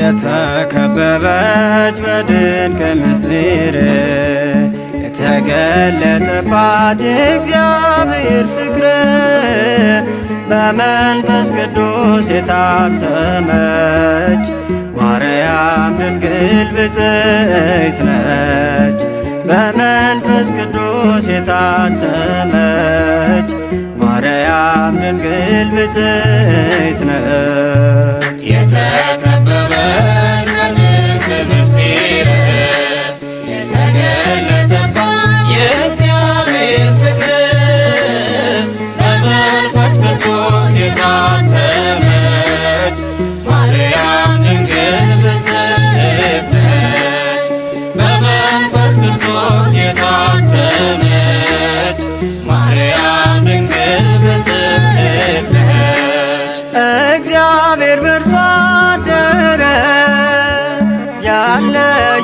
የተከበበች በድንቅ ምስጢር የተገለጠባት የእግዚአብሔር ፍቅር በመንፈስ ቅዱስ የታተመች ማርያም ድንግል ብፅዕት ነች። በመንፈስ ቅዱስ የታተመች ማርያም ድንግል ብፅዕት ነች። የታተመች ማርያም ድንግል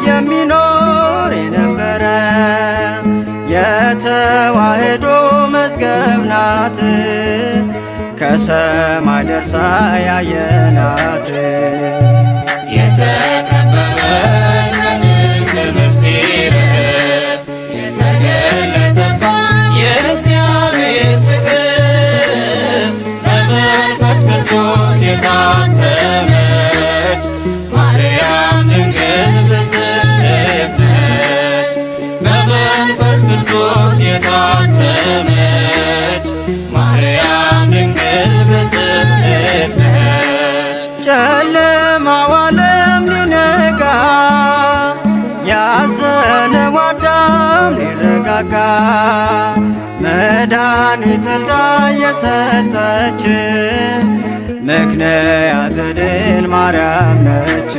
የሚኖር የነበረ የተዋህዶ መዝገብ ናት። ከሰማይ ደርሳ ያየናት የተከበበ አንተነች ማርያም ድንግል ብፅዕት ነች በመንፈስ ቅዱስ የታተመች ማርያም ድንግል ብፅዕት መድኃኒት ወልዳ የሰጠችን ምክንያተ ድል ማርያም ነች።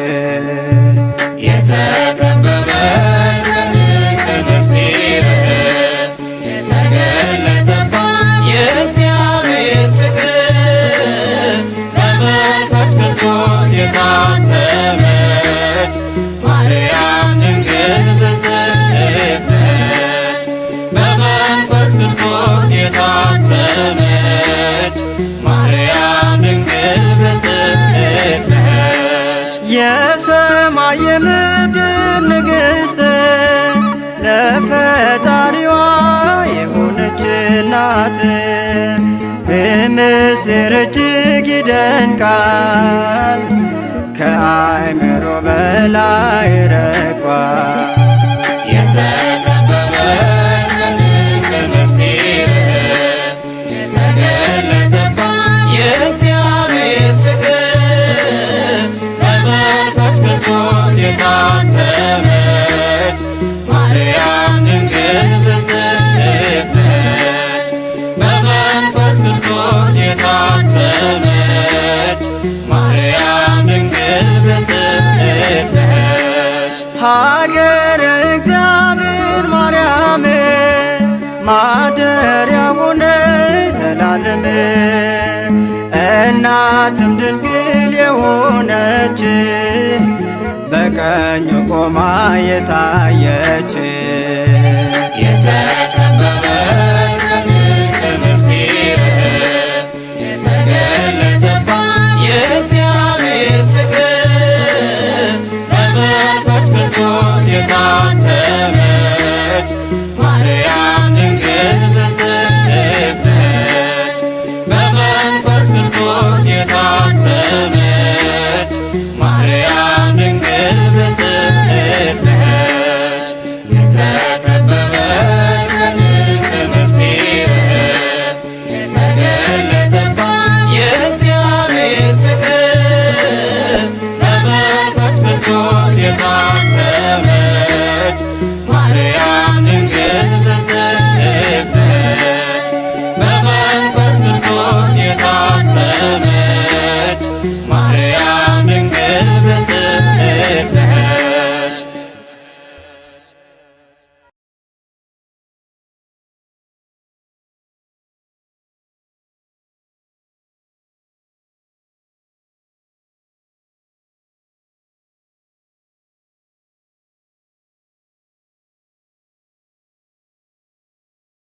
የምድር ንግሥት ለፈጣሪዋ የሆነች ናት። በምስጢር እጅግ ይደንቃል ከአእምሮ በ ማደሪያ ሆነ ዘላለም እናትም ድንግል የሆነች በቀኙ ቆማ የታየች